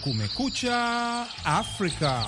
Kumekucha Afrika.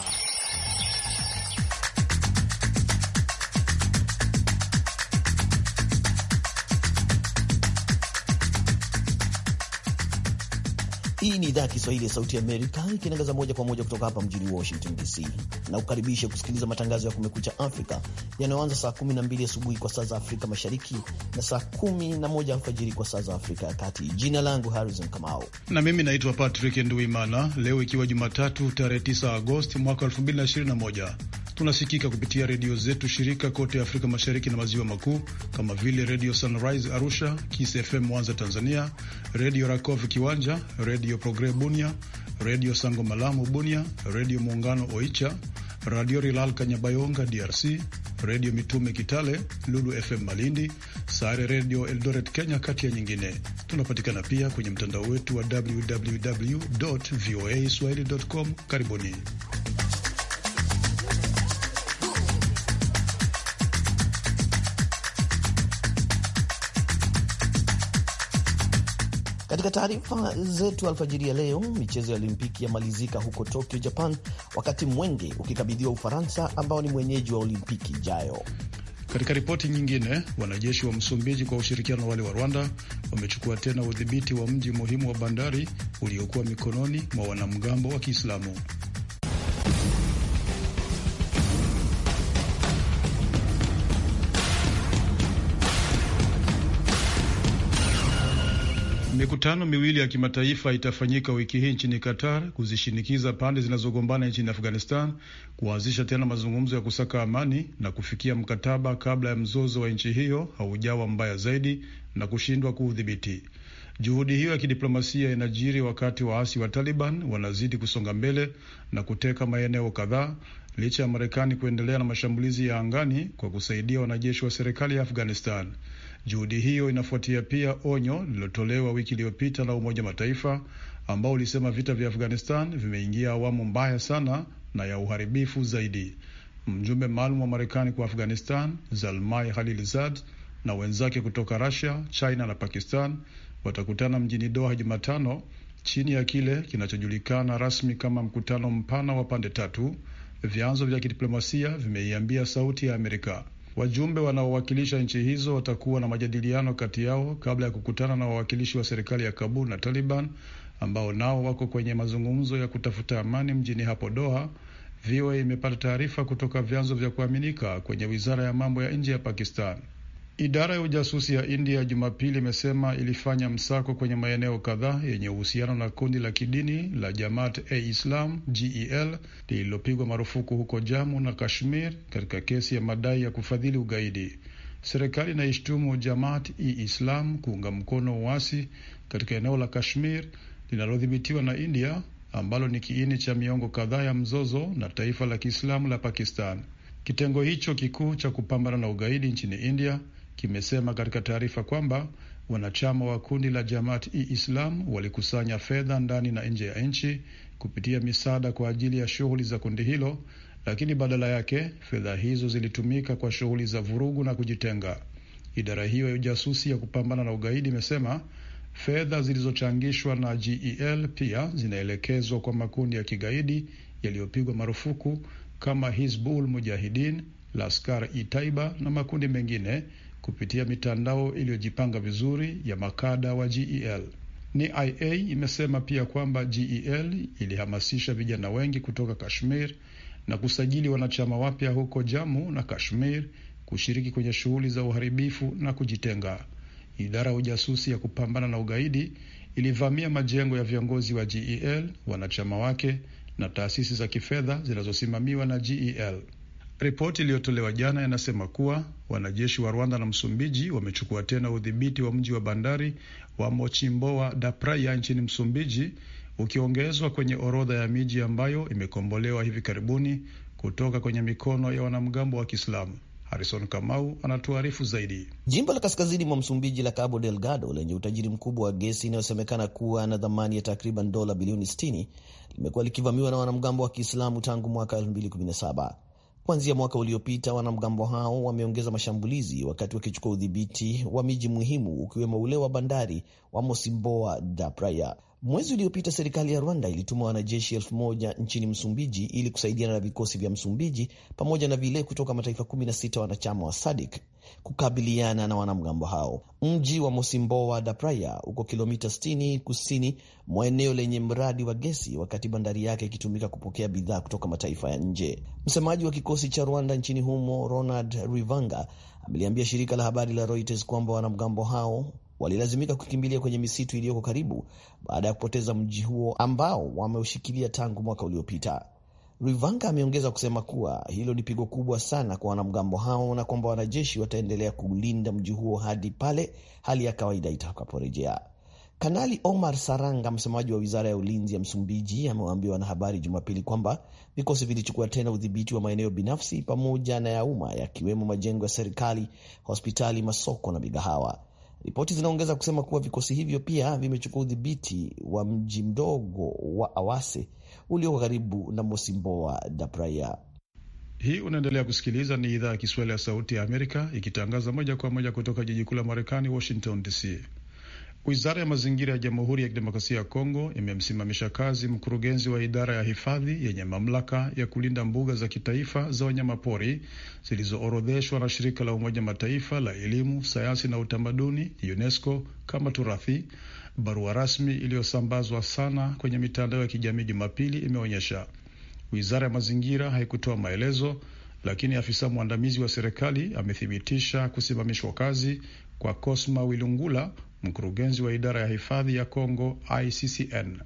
Hii ni idhaa ya Kiswahili ya Sauti Amerika ikitangaza moja kwa moja kutoka hapa mjini Washington DC na kukaribisha kusikiliza matangazo ya Kumekucha Afrika yanayoanza saa 12 asubuhi kwa saa za Afrika Mashariki na saa 11 alfajiri kwa saa za Afrika ya Kati. Jina langu Harrison Kamau na mimi naitwa Patrick Nduimana. Leo ikiwa Jumatatu tarehe 9 Agosti mwaka 2021 Tunasikika kupitia redio zetu shirika kote Afrika Mashariki na Maziwa Makuu, kama vile Redio Sunrise Arusha, Kis FM Mwanza Tanzania, Redio Rakov Kiwanja, Redio Progre Bunia, Redio Sango Malamu Bunia, Redio Muungano Oicha, Radio Rilal Kanyabayonga DRC, Redio Mitume Kitale, Lulu FM Malindi, Sare Redio Eldoret Kenya, kati ya nyingine. Tunapatikana pia kwenye mtandao wetu wa www voa swahili com. Karibuni. Katika taarifa zetu alfajiri ya leo, michezo ya Olimpiki yamalizika huko Tokyo, Japan, wakati mwenge ukikabidhiwa Ufaransa ambao ni mwenyeji wa Olimpiki ijayo. Katika ripoti nyingine, wanajeshi wa Msumbiji kwa ushirikiano na wale wa Rwanda wamechukua tena udhibiti wa mji muhimu wa bandari uliokuwa mikononi mwa wanamgambo wa Kiislamu. Mikutano miwili ya kimataifa itafanyika wiki hii nchini Qatar kuzishinikiza pande zinazogombana nchini Afghanistan kuanzisha tena mazungumzo ya kusaka amani na kufikia mkataba kabla ya mzozo wa nchi hiyo haujawa mbaya zaidi na kushindwa kuudhibiti. Juhudi hiyo ya kidiplomasia inajiri wakati waasi wa Taliban wanazidi kusonga mbele na kuteka maeneo kadhaa licha ya Marekani kuendelea na mashambulizi ya angani kwa kusaidia wanajeshi wa serikali ya Afghanistan. Juhudi hiyo inafuatia pia onyo lililotolewa wiki iliyopita na Umoja Mataifa ambao ulisema vita vya Afghanistan vimeingia awamu mbaya sana na ya uharibifu zaidi. Mjumbe maalum wa Marekani kwa Afghanistan Zalmai Khalilzad na wenzake kutoka Russia, China na Pakistan watakutana mjini Doha Jumatano chini ya kile kinachojulikana rasmi kama mkutano mpana wa pande tatu, vyanzo vya kidiplomasia vimeiambia Sauti ya Amerika. Wajumbe wanaowakilisha nchi hizo watakuwa na majadiliano kati yao kabla ya kukutana na wawakilishi wa serikali ya Kabul na Taliban ambao nao wako kwenye mazungumzo ya kutafuta amani mjini hapo Doha. VOA imepata taarifa kutoka vyanzo vya kuaminika kwenye wizara ya mambo ya nje ya Pakistan. Idara ya ujasusi ya India Jumapili imesema ilifanya msako kwenye maeneo kadhaa yenye uhusiano na kundi la kidini la Jamaat e Islam GEL lililopigwa marufuku huko jamu na Kashmir katika kesi ya madai ya kufadhili ugaidi. Serikali inaishtumu Jamaat e Islam kuunga mkono uasi katika eneo la Kashmir linalodhibitiwa na India ambalo ni kiini cha miongo kadhaa ya mzozo na taifa la Kiislamu la Pakistan. Kitengo hicho kikuu cha kupambana na ugaidi nchini India kimesema katika taarifa kwamba wanachama wa kundi la Jamaat i Islam walikusanya fedha ndani na nje ya nchi kupitia misaada kwa ajili ya shughuli za kundi hilo, lakini badala yake fedha hizo zilitumika kwa shughuli za vurugu na kujitenga. Idara hiyo ya ujasusi ya kupambana na ugaidi imesema fedha zilizochangishwa na GEL pia zinaelekezwa kwa makundi ya kigaidi yaliyopigwa marufuku kama Hizbul Mujahidin, Laskar i Taiba na makundi mengine kupitia mitandao iliyojipanga vizuri ya makada wa GEL. NIA imesema pia kwamba GEL ilihamasisha vijana wengi kutoka Kashmir na kusajili wanachama wapya huko Jammu na Kashmir kushiriki kwenye shughuli za uharibifu na kujitenga. Idara ya ujasusi ya kupambana na ugaidi ilivamia majengo ya viongozi wa GEL, wanachama wake na taasisi za kifedha zinazosimamiwa na GEL. Ripoti iliyotolewa jana inasema kuwa wanajeshi wa Rwanda na Msumbiji wamechukua tena udhibiti wa mji wa bandari wa Mochimboa da Praia nchini Msumbiji, ukiongezwa kwenye orodha ya miji ambayo imekombolewa hivi karibuni kutoka kwenye mikono ya wanamgambo wa Kiislamu. Harison Kamau anatuarifu zaidi. Jimbo la kaskazini mwa Msumbiji la Cabo Delgado lenye utajiri mkubwa wa gesi inayosemekana kuwa na thamani ya takriban dola bilioni 60 limekuwa likivamiwa na wanamgambo wa Kiislamu tangu mwaka 2017. Kuanzia mwaka uliopita, wanamgambo hao wameongeza mashambulizi wakati wakichukua udhibiti wa miji muhimu ukiwemo ule wa bandari wa mosimboa da Praia. Mwezi uliopita serikali ya Rwanda ilituma wanajeshi elfu moja nchini Msumbiji ili kusaidiana na vikosi vya Msumbiji pamoja na vile kutoka mataifa 16 wanachama wa SADIK kukabiliana na wanamgambo hao. Mji wa Mosimboa da Praia uko kilomita 60 kusini mwa eneo lenye mradi wa gesi, wakati bandari yake ikitumika kupokea bidhaa kutoka mataifa ya nje. Msemaji wa kikosi cha Rwanda nchini humo Ronald Rivanga ameliambia shirika la habari la Reuters kwamba wanamgambo hao walilazimika kukimbilia kwenye misitu iliyoko karibu baada ya kupoteza mji huo ambao wameushikilia tangu mwaka uliopita. Rivanga ameongeza kusema kuwa hilo ni pigo kubwa sana kwa wanamgambo hao na kwamba wanajeshi wataendelea kulinda mji huo hadi pale hali ya kawaida itakaporejea. Kanali Omar Saranga, msemaji wa wizara ya ulinzi ya Msumbiji, amewaambia wanahabari Jumapili kwamba vikosi vilichukua tena udhibiti wa maeneo binafsi pamoja na ya umma yakiwemo majengo ya serikali, hospitali, masoko na migahawa. Ripoti zinaongeza kusema kuwa vikosi hivyo pia vimechukua udhibiti wa mji mdogo wa Awase ulio karibu na Mosimboa da Praia. Hii unaendelea kusikiliza, ni idhaa ya Kiswahili ya Sauti ya Amerika ikitangaza moja kwa moja kutoka jiji kuu la Marekani, Washington DC. Wizara ya mazingira ya Jamhuri ya Kidemokrasia ya Kongo imemsimamisha kazi mkurugenzi wa idara ya hifadhi yenye mamlaka ya kulinda mbuga za kitaifa za wanyamapori zilizoorodheshwa na shirika la Umoja Mataifa la elimu, sayansi na utamaduni UNESCO kama turathi barua rasmi iliyosambazwa sana kwenye mitandao ya kijamii Jumapili imeonyesha. Wizara ya mazingira haikutoa maelezo, lakini afisa mwandamizi wa serikali amethibitisha kusimamishwa kazi kwa Cosma Wilungula, mkurugenzi wa idara ya hifadhi ya Kongo ICCN.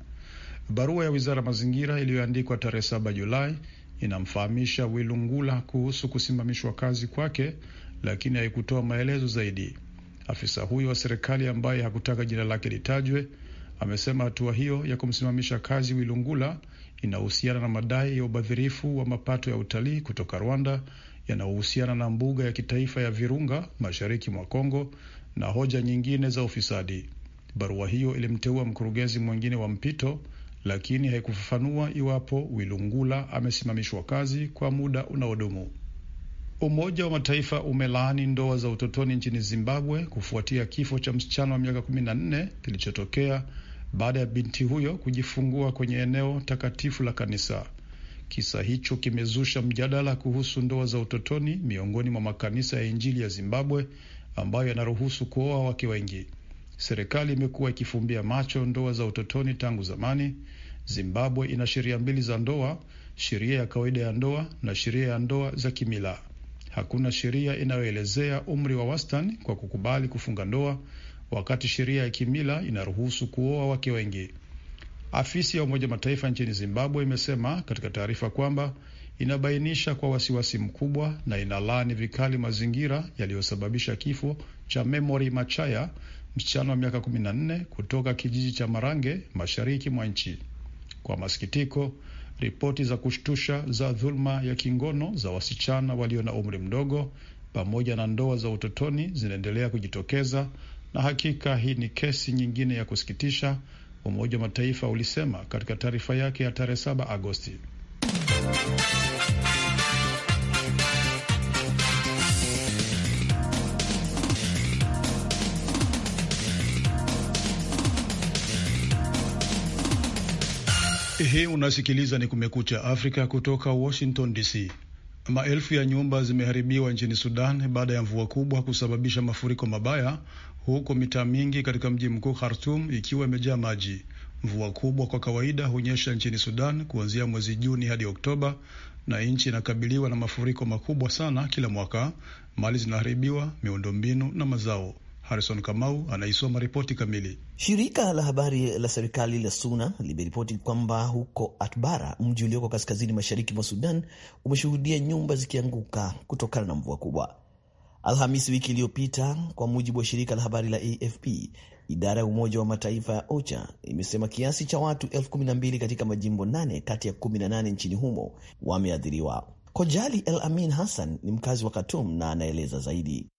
Barua ya wizara ya mazingira iliyoandikwa tarehe saba Julai inamfahamisha Wilungula kuhusu kusimamishwa kazi kwake, lakini haikutoa maelezo zaidi. Afisa huyo wa serikali ambaye hakutaka jina lake litajwe amesema hatua hiyo ya kumsimamisha kazi Wilungula inahusiana na madai ya ubadhirifu wa mapato ya utalii kutoka Rwanda yanayohusiana na mbuga ya kitaifa ya Virunga mashariki mwa Kongo na hoja nyingine za ufisadi. Barua hiyo ilimteua mkurugenzi mwingine wa mpito, lakini haikufafanua iwapo Wilungula amesimamishwa kazi kwa muda unaodumu. Umoja wa Mataifa umelaani ndoa za utotoni nchini Zimbabwe kufuatia kifo cha msichana wa miaka 14 kilichotokea baada ya binti huyo kujifungua kwenye eneo takatifu la kanisa. Kisa hicho kimezusha mjadala kuhusu ndoa za utotoni miongoni mwa makanisa ya Injili ya Zimbabwe ambayo yanaruhusu kuoa wake wengi. Serikali imekuwa ikifumbia macho ndoa za utotoni tangu zamani. Zimbabwe ina sheria mbili za ndoa, sheria ya kawaida ya ndoa na sheria ya ndoa za kimila hakuna sheria inayoelezea umri wa wastani kwa kukubali kufunga ndoa, wakati sheria ya kimila inaruhusu kuoa wake wengi. Afisi ya Umoja Mataifa nchini Zimbabwe imesema katika taarifa kwamba inabainisha kwa wasiwasi mkubwa na inalaani vikali mazingira yaliyosababisha kifo cha Memory Machaya, msichana wa miaka 14 kutoka kijiji cha Marange, mashariki mwa nchi. Kwa masikitiko ripoti za kushtusha za dhuluma ya kingono za wasichana walio na umri mdogo pamoja na ndoa za utotoni zinaendelea kujitokeza, na hakika hii ni kesi nyingine ya kusikitisha, Umoja wa Mataifa ulisema katika taarifa yake ya tarehe 7 Agosti. Hii unasikiliza ni Kumekucha Afrika kutoka Washington DC. Maelfu ya nyumba zimeharibiwa nchini Sudan baada ya mvua kubwa kusababisha mafuriko mabaya, huku mitaa mingi katika mji mkuu Khartum ikiwa imejaa maji. Mvua kubwa kwa kawaida hunyesha nchini Sudan kuanzia mwezi Juni hadi Oktoba, na nchi inakabiliwa na mafuriko makubwa sana kila mwaka. Mali zinaharibiwa, miundombinu na mazao. Harrison Kamau anaisoma ripoti kamili. Shirika la habari la serikali la SUNA limeripoti kwamba huko Atbara, mji ulioko kaskazini mashariki mwa Sudan, umeshuhudia nyumba zikianguka kutokana na mvua kubwa Alhamisi wiki iliyopita, kwa mujibu wa shirika la habari la AFP. Idara ya Umoja wa Mataifa ya OCHA imesema kiasi cha watu elfu kumi na mbili katika majimbo nane kati ya 18 nchini humo wameathiriwa. Kojali El Amin Hassan ni mkazi wa Khartoum na anaeleza zaidi.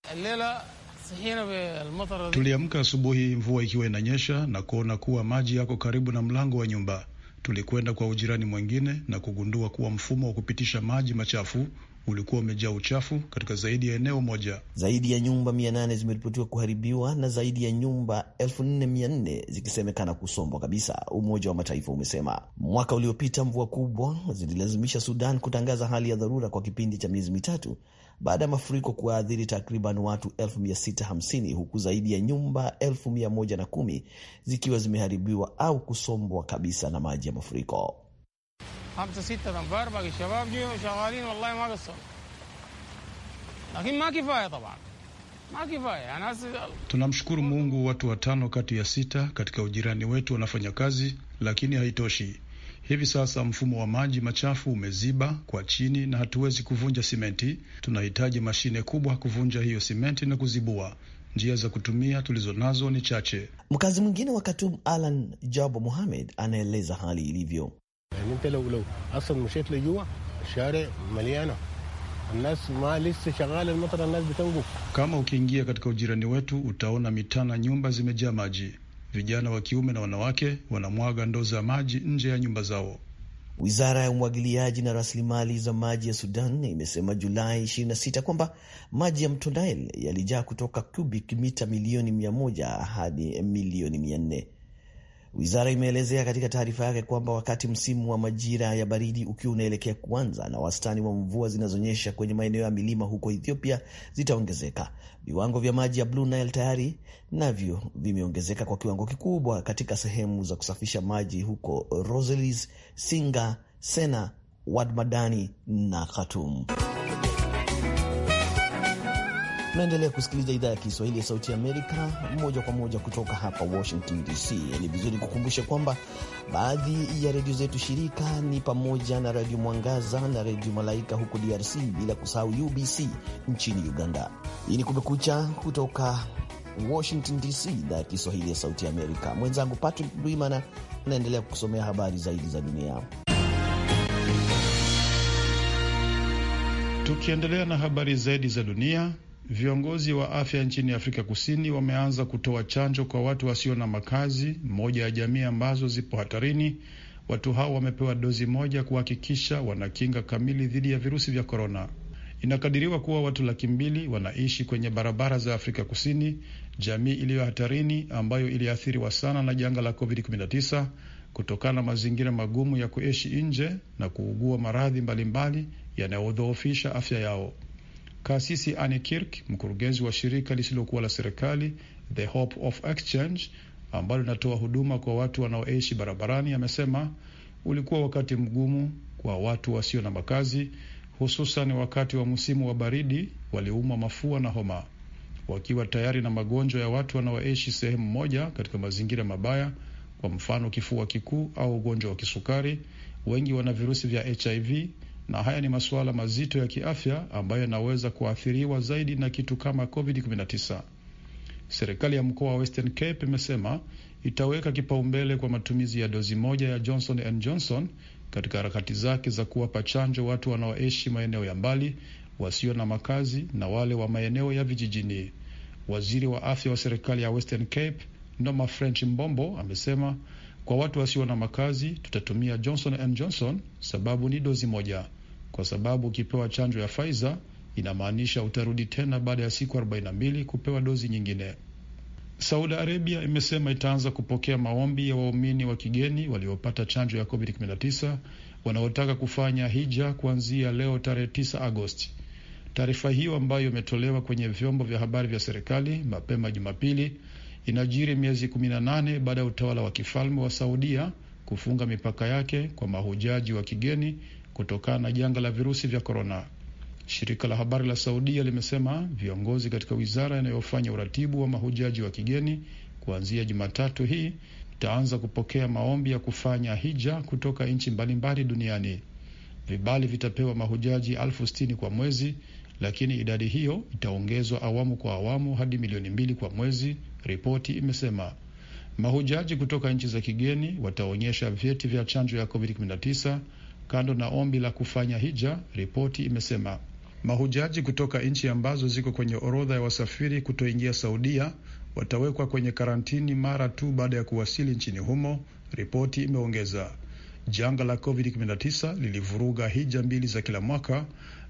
Tuliamka asubuhi mvua ikiwa inanyesha na kuona kuwa maji yako karibu na mlango wa nyumba. Tulikwenda kwa ujirani mwingine na kugundua kuwa mfumo wa kupitisha maji machafu ulikuwa umejaa uchafu katika zaidi ya eneo moja. Zaidi ya nyumba mia nane zimeripotiwa kuharibiwa na zaidi ya nyumba elfu nne mia nne zikisemekana kusombwa kabisa, Umoja wa Mataifa umesema. Mwaka uliopita mvua kubwa zililazimisha Sudan kutangaza hali ya dharura kwa kipindi cha miezi mitatu baada ya mafuriko kuwaathiri takriban watu 650 huku zaidi ya nyumba 110 zikiwa zimeharibiwa au kusombwa kabisa na maji ya mafuriko. Tunamshukuru Mungu, watu watano kati ya sita katika ujirani wetu wanafanya kazi, lakini haitoshi. Hivi sasa mfumo wa maji machafu umeziba kwa chini na hatuwezi kuvunja simenti. Tunahitaji mashine kubwa kuvunja hiyo simenti na kuzibua. Njia za kutumia tulizonazo ni chache. Mkazi mwingine wa katum Alan Jabo muhamed anaeleza hali ilivyo. Kama ukiingia katika ujirani wetu utaona mitaa na nyumba zimejaa maji Vijana wa kiume na wanawake wanamwaga ndoo za maji nje ya nyumba zao. Wizara ya umwagiliaji na rasilimali za maji ya Sudan imesema Julai 26 kwamba maji ya mto Nile yalijaa kutoka cubic mita milioni 100 hadi milioni 400. Wizara imeelezea katika taarifa yake kwamba wakati msimu wa majira ya baridi ukiwa unaelekea kuanza na wastani wa mvua zinazonyesha kwenye maeneo ya milima huko Ethiopia zitaongezeka, viwango vya maji ya Blue Nile tayari navyo vimeongezeka kwa kiwango kikubwa katika sehemu za kusafisha maji huko Roselis, Singa, Sena, Wadmadani na Khatum. Naendelea kusikiliza idhaa ya Kiswahili ya Sauti Amerika moja kwa moja kutoka hapa Washington DC. Ni vizuri kukumbusha kwamba baadhi ya redio zetu shirika ni pamoja na Redio Mwangaza na Redio Malaika huko DRC, bila kusahau UBC nchini Uganda. Hii ni Kumekucha kutoka Washington DC, idhaa ya Kiswahili ya Sauti Amerika. Mwenzangu Patrick duimana anaendelea kukusomea habari zaidi za dunia. Tukiendelea na habari zaidi za dunia Viongozi wa afya nchini Afrika Kusini wameanza kutoa chanjo kwa watu wasio na makazi, moja ya jamii ambazo zipo hatarini. Watu hao wamepewa dozi moja kuhakikisha wana kinga kamili dhidi ya virusi vya korona. Inakadiriwa kuwa watu laki mbili wanaishi kwenye barabara za Afrika Kusini, jamii iliyo hatarini ambayo iliathiriwa sana na janga la COVID-19 kutokana na mazingira magumu ya kuishi nje na kuugua maradhi mbalimbali yanayodhoofisha afya yao. Kasisi Anne Kirk, mkurugenzi wa shirika lisilokuwa la serikali The Hope of Exchange ambalo linatoa huduma kwa watu wanaoishi barabarani, amesema ulikuwa wakati mgumu kwa watu wasio na makazi, hususan wakati wa msimu wa baridi. Waliumwa mafua na homa, wakiwa tayari na magonjwa ya watu wanaoishi sehemu moja katika mazingira mabaya, kwa mfano kifua kikuu au ugonjwa wa kisukari. Wengi wana virusi vya HIV na haya ni masuala mazito ya kiafya ambayo yanaweza kuathiriwa zaidi na kitu kama COVID-19. Serikali ya mkoa wa Western Cape imesema itaweka kipaumbele kwa matumizi ya dozi moja ya Johnson and Johnson katika harakati zake za kuwapa chanjo watu wanaoishi maeneo ya mbali, wasio na makazi na wale wa maeneo ya vijijini. Waziri wa afya wa serikali ya Western Cape Noma French Mbombo amesema kwa watu wasio na makazi tutatumia Johnson and Johnson sababu ni dozi moja kwa sababu ukipewa chanjo ya Pfizer inamaanisha utarudi tena baada ya siku 42 kupewa dozi nyingine. Saudi Arabia imesema itaanza kupokea maombi ya waumini wa kigeni waliopata chanjo ya COVID-19 wanaotaka kufanya hija kuanzia leo tarehe 9 Agosti. Taarifa hiyo ambayo imetolewa kwenye vyombo vya habari vya serikali mapema Jumapili inajiri miezi 18 baada ya utawala wa kifalme wa Saudia kufunga mipaka yake kwa mahujaji wa kigeni kutokana na janga la virusi vya korona. Shirika la habari la Saudia limesema viongozi katika wizara inayofanya uratibu wa mahujaji wa kigeni kuanzia Jumatatu hii itaanza kupokea maombi ya kufanya hija kutoka nchi mbalimbali duniani. Vibali vitapewa mahujaji elfu sitini kwa mwezi, lakini idadi hiyo itaongezwa awamu kwa awamu hadi milioni mbili kwa mwezi, ripoti imesema. Mahujaji kutoka nchi za kigeni wataonyesha vyeti vya chanjo ya COVID-19 Kando na ombi la kufanya hija, ripoti imesema mahujaji kutoka nchi ambazo ziko kwenye orodha ya wasafiri kutoingia Saudia watawekwa kwenye karantini mara tu baada ya kuwasili nchini humo, ripoti imeongeza. Janga la COVID-19 lilivuruga hija mbili za kila mwaka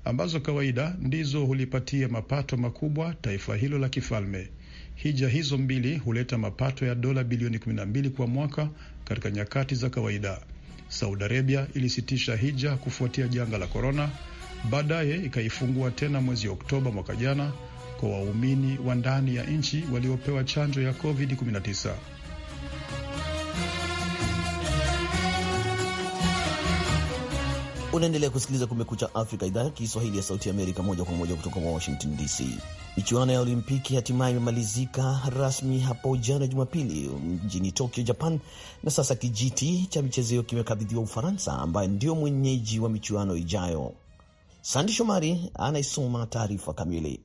ambazo kawaida ndizo hulipatia mapato makubwa taifa hilo la kifalme. Hija hizo mbili huleta mapato ya dola bilioni 12 kwa mwaka katika nyakati za kawaida. Saudi Arabia ilisitisha hija kufuatia janga la korona, baadaye ikaifungua tena mwezi Oktoba mwaka jana kwa waumini wa ndani ya nchi waliopewa chanjo ya COVID-19. Unaendelea kusikiliza Kumekucha Afrika, idhaa ya Kiswahili ya Sauti Amerika, moja kwa moja kutoka Washington DC. Michuano ya Olimpiki hatimaye imemalizika rasmi hapo jana Jumapili mjini Tokyo, Japan, na sasa kijiti cha michezo hiyo kimekabidhiwa Ufaransa, ambaye ndio mwenyeji wa michuano ijayo. Sandi Shomari anaisoma taarifa kamili.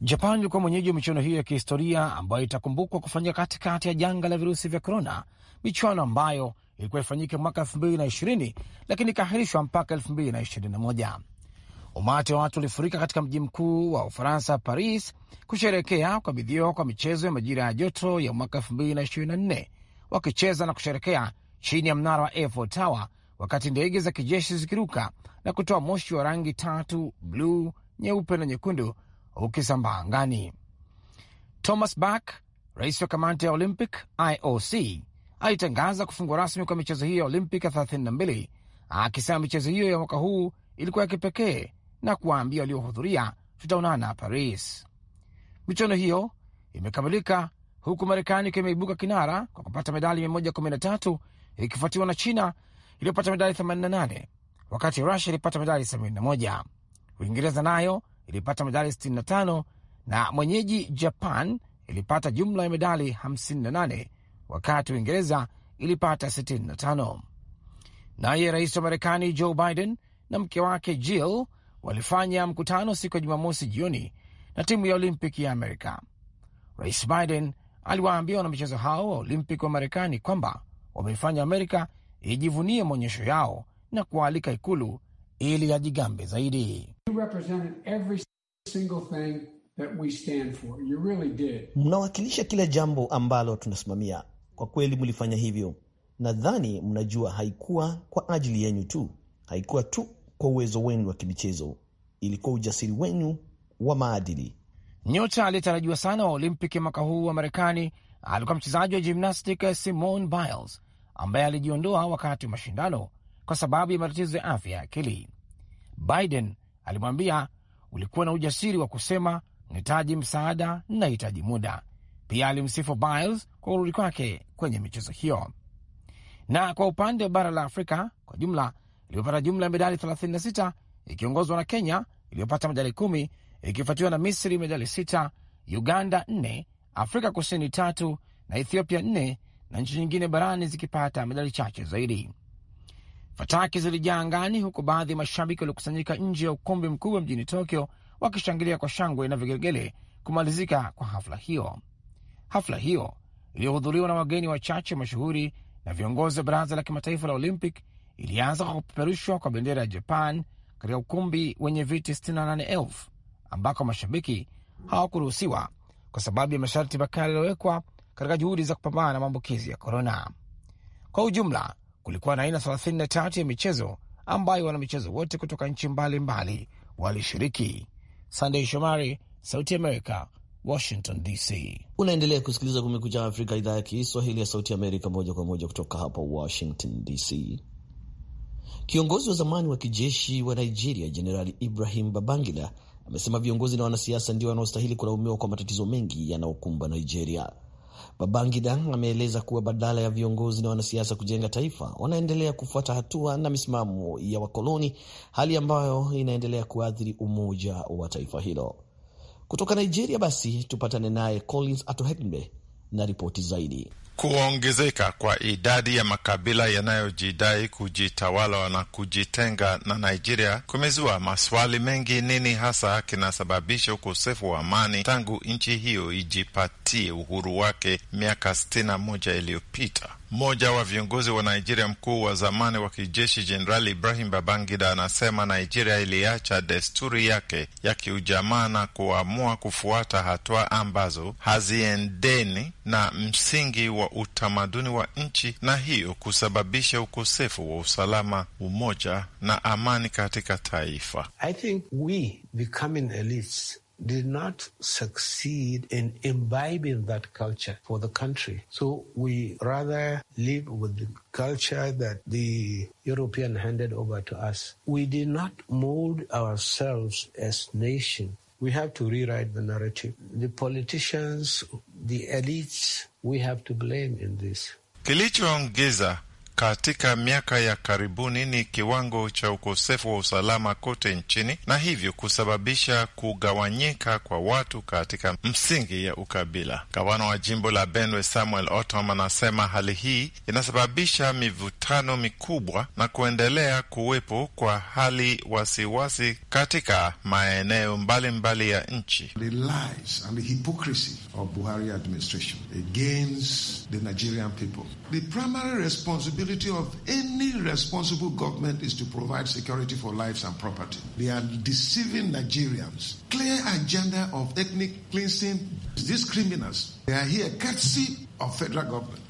Japan ilikuwa mwenyeji wa michuano hiyo ya kihistoria ambayo itakumbukwa kufanyika katikati ya janga la virusi vya korona, michuano ambayo ilikuwa ifanyike mwaka 2020 lakini ikaahirishwa mpaka 2021. Umati wa watu ulifurika katika mji mkuu wa Ufaransa, Paris, kusherekea kukabidhiwa kwa michezo ya majira ya joto ya mwaka 2024 wakicheza na kusherekea chini ya mnara wa Eiffel Tower, wakati ndege za kijeshi zikiruka na kutoa moshi wa rangi tatu: bluu, nyeupe na nyekundu, ukisambaa angani. Thomas Bach, rais wa kamati ya Olympic IOC, alitangaza kufungwa rasmi kwa michezo hiyo ya Olimpik 32 akisema michezo hiyo ya mwaka huu ilikuwa ya kipekee na kuwaambia waliohudhuria, tutaonana Paris. Michuano hiyo imekamilika huku Marekani ikiwa imeibuka kinara kwa kupata medali 113 ikifuatiwa na China iliyopata medali 88 wakati Rusia ilipata medali 71. Uingereza nayo ilipata medali 65 na mwenyeji Japan ilipata jumla ya medali 58 wakati Uingereza ilipata 65. Naye rais wa Marekani Joe Biden na mke wake Jill walifanya mkutano siku ya Jumamosi jioni na timu ya Olimpiki ya Amerika. Rais Biden aliwaambia wanamichezo hao wa Olimpiki wa Marekani kwamba wameifanya Amerika ijivunie maonyesho yao na kuwaalika Ikulu ili yajigambe zaidi. Really, mnawakilisha kila jambo ambalo tunasimamia kwa kweli mlifanya hivyo. Nadhani mnajua haikuwa kwa ajili yenu tu, haikuwa tu kwa uwezo wenu wa kimichezo, ilikuwa ujasiri wenu wa maadili. Nyota aliyetarajiwa sana wa olimpik mwaka huu wa Marekani alikuwa mchezaji wa gymnastic Simone Biles ambaye alijiondoa wakati wa mashindano kwa sababu ya matatizo ya afya ya akili. Biden alimwambia, ulikuwa na ujasiri wa kusema nahitaji msaada, nahitaji muda pia alimsifu Biles kwa kurudi kwake kwenye michezo hiyo. Na kwa upande wa bara la Afrika kwa jumla iliyopata jumla ya medali 36 ikiongozwa na Kenya iliyopata medali kumi ikifuatiwa na Misri medali sita, Uganda nne, Afrika Kusini tatu na Ethiopia nne, na nchi nyingine barani zikipata medali chache zaidi. Fataki zilijaa angani, huku baadhi ya mashabiki waliokusanyika nje ya ukumbi mkubwa mjini Tokyo wakishangilia kwa shangwe na vigelegele kumalizika kwa hafla hiyo. Hafla hiyo iliyohudhuriwa na wageni wachache mashuhuri na viongozi wa Baraza la Kimataifa la Olympic ilianza kwa kupeperushwa kwa bendera ya Japan katika ukumbi wenye viti 68,000 ambako mashabiki hawakuruhusiwa kwa sababu ya masharti makali yaliyowekwa katika juhudi za kupambana na maambukizi ya korona. Kwa ujumla, kulikuwa na aina 33 ya michezo ambayo wanamichezo wote kutoka nchi mbalimbali walishiriki. Sandey Shomari, Sauti Amerika, Washington DC. Unaendelea kusikiliza Kumekucha Afrika, idhaa ya Kiswahili ya Sauti Amerika, moja kwa moja kutoka hapa Washington DC. Kiongozi wa zamani wa kijeshi wa Nigeria Jenerali Ibrahim Babangida amesema viongozi na wanasiasa ndio wanaostahili kulaumiwa kwa matatizo mengi yanayokumba Nigeria. Babangida ameeleza kuwa badala ya viongozi na wanasiasa kujenga taifa, wanaendelea kufuata hatua na misimamo ya wakoloni, hali ambayo inaendelea kuathiri umoja wa taifa hilo. Kutoka Nigeria basi tupatane naye Collins Atohegbe na ripoti zaidi. Kuongezeka kwa idadi ya makabila yanayojidai kujitawala na kujitenga na Nigeria kumezua maswali mengi. Nini hasa kinasababisha ukosefu wa amani tangu nchi hiyo ijipatie uhuru wake miaka 61 iliyopita? Mmoja wa viongozi wa Nigeria, mkuu wa zamani wa kijeshi Jenerali Ibrahim Babangida, anasema Nigeria iliacha desturi yake ya kiujamaa na kuamua kufuata hatua ambazo haziendeni na msingi wa utamaduni wa nchi na hiyo kusababisha ukosefu wa usalama, umoja na amani katika taifa. I think we becoming elites did not succeed in imbibing that culture for the country. So we rather live with the culture that the European handed over to us. We did not mold ourselves as nation. We have to rewrite the narrative. The politicians, the elites, we have to blame in this. Kilichoongeza katika miaka ya karibuni ni kiwango cha ukosefu wa usalama kote nchini na hivyo kusababisha kugawanyika kwa watu katika msingi ya ukabila. Gavana wa jimbo la Benwe Samuel Otom anasema hali hii inasababisha mivutano mikubwa na kuendelea kuwepo kwa hali wasiwasi katika maeneo mbalimbali mbali ya nchi. The lies and the hypocrisy of Buhari administration against the Nigerian people. The primary responsibility responsibility of any responsible government is to provide security for lives and property. They are deceiving Nigerians. Clear agenda of ethnic cleansing. These criminals, they are here courtesy of federal government.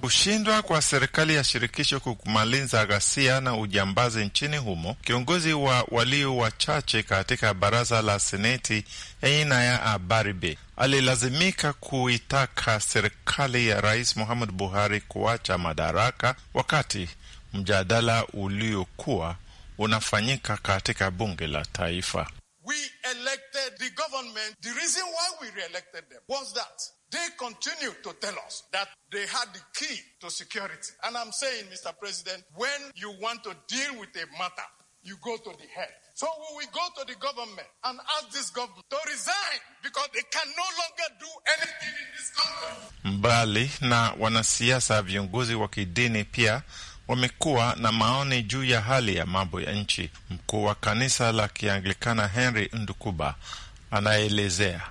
Kushindwa kwa serikali ya shirikisho kumaliza ghasia na ujambazi nchini humo, kiongozi wa walio wachache katika baraza la seneti ya Abaribe alilazimika kuitaka serikali ya Rais muhammad Buhari kuacha madaraka wakati mjadala uliokuwa unafanyika katika bunge la taifa. we elected the government. The reason why we re-elected them was that they continued to tell us that they had the key to security. And I'm saying, Mr. President, when you want to deal with a matter, you go to the head. So we will go to the government and ask this government to resign because they can no longer do anything in this country. Mbali na wanasiasa, viongozi wa kidini pia wamekuwa na maoni juu ya hali ya mambo ya nchi. Mkuu wa kanisa la Kianglikana Henry Ndukuba anaelezea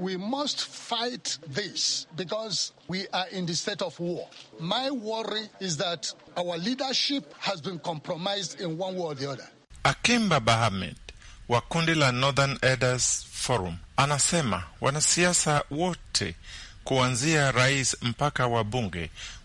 We must fight this because we are in the state of war. My worry is that our leadership has been compromised in one way or the other. Akimba Bahamed wa kundi la Northern Elders Forum anasema wanasiasa wote kuanzia rais mpaka wabunge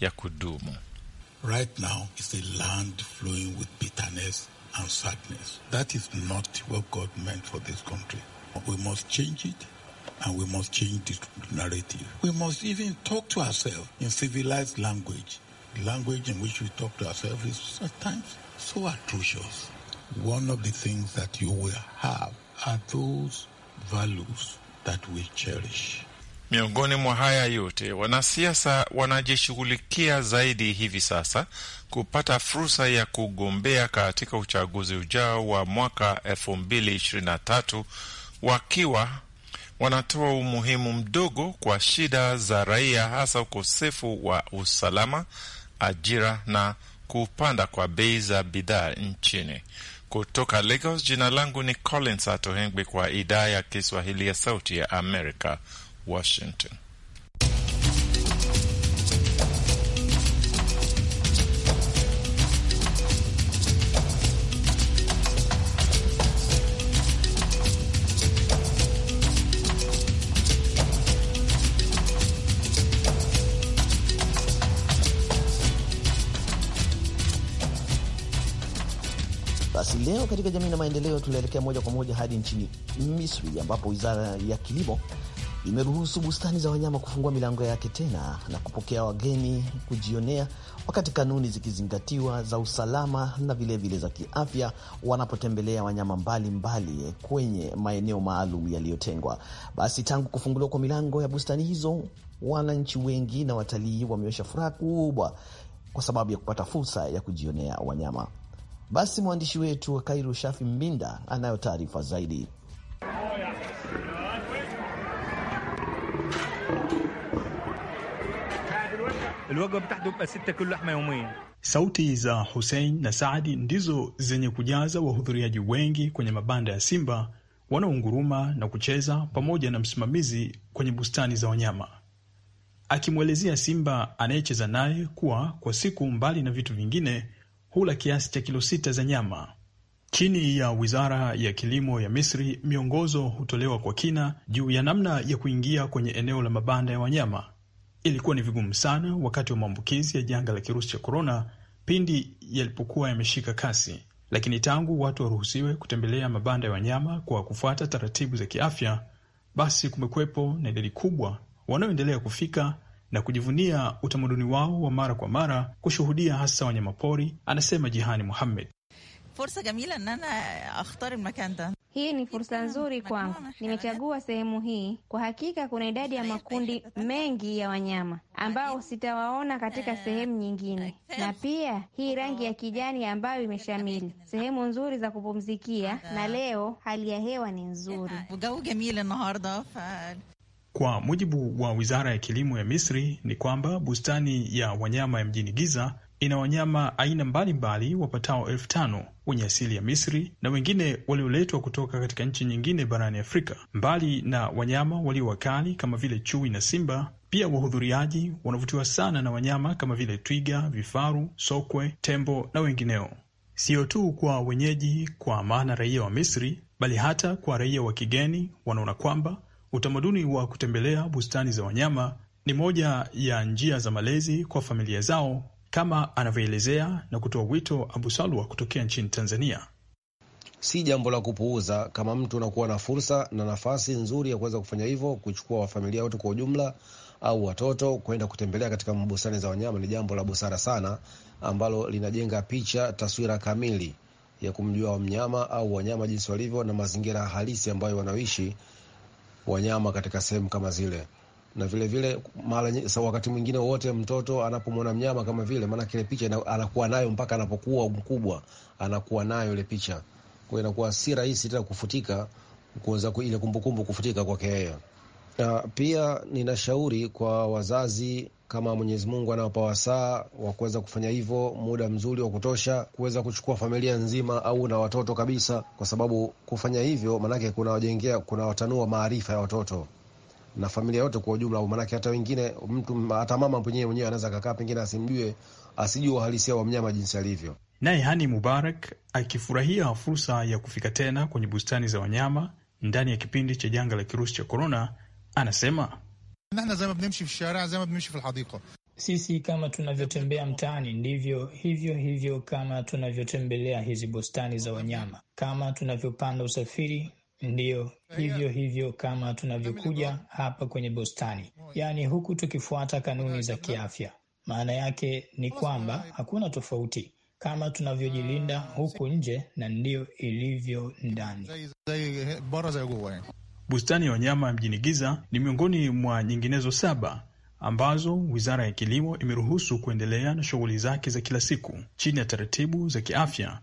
ya kudumu. Right now it's a land flowing with bitterness and sadness. That is not what God meant for this country. We must change it and we must change the narrative. We must even talk to ourselves in civilized language. The language in which we talk to ourselves is at times so atrocious. One of the things that you will have are those values that we cherish. Miongoni mwa haya yote, wanasiasa wanajishughulikia zaidi hivi sasa kupata fursa ya kugombea katika uchaguzi ujao wa mwaka elfu wakiwa wanatoa umuhimu mdogo kwa shida za raia, hasa ukosefu wa usalama, ajira na kupanda kwa bei za bidhaa nchini. Kutoka Lagos, jina langu ni Collins Atohengwi, kwa idhaa ya Kiswahili ya Sauti ya Amerika. Washington. Basi leo katika jamii na maendeleo, tunaelekea moja kwa moja hadi nchini Misri ambapo wizara ya kilimo imeruhusu bustani za wanyama kufungua milango yake tena na kupokea wageni kujionea, wakati kanuni zikizingatiwa za usalama na vilevile vile za kiafya wanapotembelea wanyama mbalimbali mbali kwenye maeneo maalum yaliyotengwa. Basi tangu kufunguliwa kwa milango ya bustani hizo, wananchi wengi na watalii wameosha furaha kubwa kwa sababu ya kupata fursa ya kujionea wanyama. Basi mwandishi wetu wa Kairo, Shafi Mbinda, anayo taarifa zaidi. الوجبه بتاعته بيبقى سته كل لحمه يوميا. Sauti za Hussein na Saadi ndizo zenye kujaza wahudhuriaji wengi kwenye mabanda ya simba wanaunguruma na kucheza pamoja na msimamizi kwenye bustani za wanyama, akimwelezea simba anayecheza naye kuwa kwa siku, mbali na vitu vingine, hula kiasi cha kilo sita za nyama. Chini ya wizara ya kilimo ya Misri, miongozo hutolewa kwa kina juu ya namna ya kuingia kwenye eneo la mabanda ya wanyama Ilikuwa ni vigumu sana wakati wa maambukizi ya janga la kirusi cha korona pindi yalipokuwa yameshika kasi, lakini tangu watu waruhusiwe kutembelea mabanda ya wanyama kwa kufuata taratibu za kiafya, basi kumekuwepo na idadi kubwa wanaoendelea kufika na kujivunia utamaduni wao wa mara kwa mara kushuhudia hasa wanyamapori, anasema Jihani Muhammed. Hii ni fursa nzuri kwangu, nimechagua sehemu hii. Kwa hakika kuna idadi ya makundi mengi ya wanyama ambao sitawaona katika eh, sehemu nyingine, na pia hii rangi ya kijani ambayo imeshamili, sehemu nzuri za kupumzikia, na leo hali ya hewa ni nzuri. Kwa mujibu wa wizara ya kilimo ya Misri ni kwamba bustani ya wanyama ya mjini Giza ina wanyama aina mbalimbali wapatao elfu tano wenye asili ya Misri na wengine walioletwa kutoka katika nchi nyingine barani Afrika. Mbali na wanyama walio wakali kama vile chui na simba, pia wahudhuriaji wanavutiwa sana na wanyama kama vile twiga, vifaru, sokwe, tembo na wengineo, sio tu kwa wenyeji, kwa maana raia wa Misri, bali hata kwa raia wa kigeni. Wanaona kwamba utamaduni wa kutembelea bustani za wanyama ni moja ya njia za malezi kwa familia zao kama anavyoelezea na kutoa wito Abusalwa kutokea nchini Tanzania. Si jambo la kupuuza. Kama mtu unakuwa na fursa na nafasi nzuri ya kuweza kufanya hivyo, kuchukua wafamilia wote kwa ujumla au watoto kwenda kutembelea katika mbusani za wanyama, ni jambo la busara sana ambalo linajenga picha, taswira kamili ya kumjua mnyama au wanyama jinsi walivyo na mazingira halisi ambayo wanaoishi wanyama katika sehemu kama zile na vilevile vile, wakati mwingine wote mtoto anapomwona mnyama kama vile, maana ile picha anakuwa nayo mpaka anapokuwa mkubwa, anakuwa nayo ile picha. Kwa hiyo inakuwa si rahisi tena kufutika, kuweza ile kumbukumbu kufutika kwake yeye. Na pia ninashauri kwa wazazi, kama Mwenyezi Mungu anawapa wasaa wa kuweza kufanya hivyo, muda mzuri wa kutosha, kuweza kuchukua familia nzima au na watoto kabisa, kwa sababu kufanya hivyo maanake kunawajengea, kunawatanua maarifa ya watoto na familia yote kwa ujumla, maanake hata wengine mtu hata mama mwenyewe mwenyewe anaweza kakaa pengine asimjue asijue uhalisia wa mnyama jinsi alivyo. Naye Hani Mubarak akifurahia fursa ya kufika tena kwenye bustani za wanyama ndani ya kipindi cha janga la kirusi cha korona, anasema sisi kama tunavyotembea mtaani ndivyo hivyo hivyo, kama tunavyotembelea hizi bustani za wanyama, kama tunavyopanda usafiri Ndiyo hivyo hivyo, kama tunavyokuja hapa kwenye bustani, yaani huku tukifuata kanuni za kiafya. Maana yake ni kwamba hakuna tofauti kama tunavyojilinda ah, huku nje na ndiyo ilivyo ndani. Bustani ya wanyama ya mjini Giza ni miongoni mwa nyinginezo saba ambazo wizara ya kilimo imeruhusu kuendelea na shughuli zake za kila siku chini ya taratibu za kiafya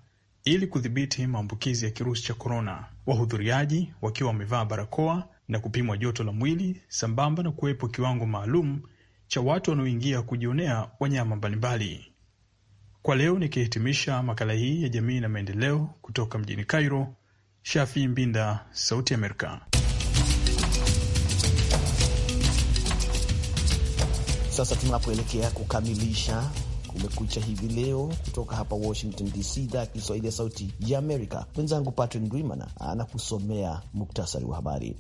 ili kudhibiti maambukizi ya kirusi cha korona, wahudhuriaji wakiwa wamevaa barakoa na kupimwa joto la mwili sambamba na kuwepo kiwango maalum cha watu wanaoingia kujionea wanyama mbalimbali. Kwa leo nikihitimisha makala hii ya jamii na maendeleo kutoka mjini Cairo, Shafi Mbinda, Sauti Amerika. Sasa tunapoelekea kukamilisha Kumekucha hivi leo kutoka hapa Washington DC, idhaa ya Kiswahili ya Sauti ya Amerika. Mwenzangu Patrick Ndwimana anakusomea muktasari wa habari.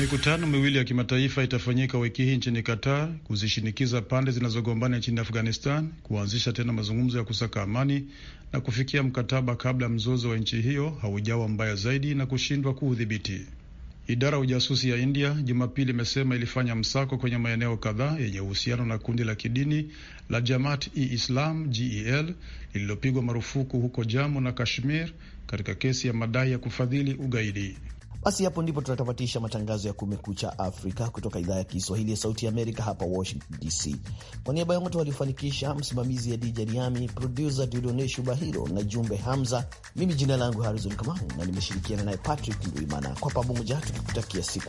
Mikutano miwili ya kimataifa itafanyika wiki hii nchini Qatar kuzishinikiza pande zinazogombana nchini Afghanistan kuanzisha tena mazungumzo ya kusaka amani na kufikia mkataba kabla mzozo wa nchi hiyo haujawa mbaya zaidi na kushindwa kuudhibiti. Idara ya ujasusi ya India Jumapili imesema ilifanya msako kwenye maeneo kadhaa yenye uhusiano na kundi la kidini la Jamaat-e-Islam GEL lililopigwa marufuku huko Jammu na Kashmir katika kesi ya madai ya kufadhili ugaidi. Basi hapo ndipo tunatamatisha matangazo ya Kumekucha Afrika kutoka idhaa ya Kiswahili ya Sauti ya Amerika hapa Washington DC. Kwa niaba ya wote waliofanikisha, msimamizi ya Dija Riami, produsa Dudone Shubahiro na Jumbe Hamza, mimi jina langu Harizon Kamau na nimeshirikiana naye Patrick Ndwimana, kwa pamoja tukikutakia siku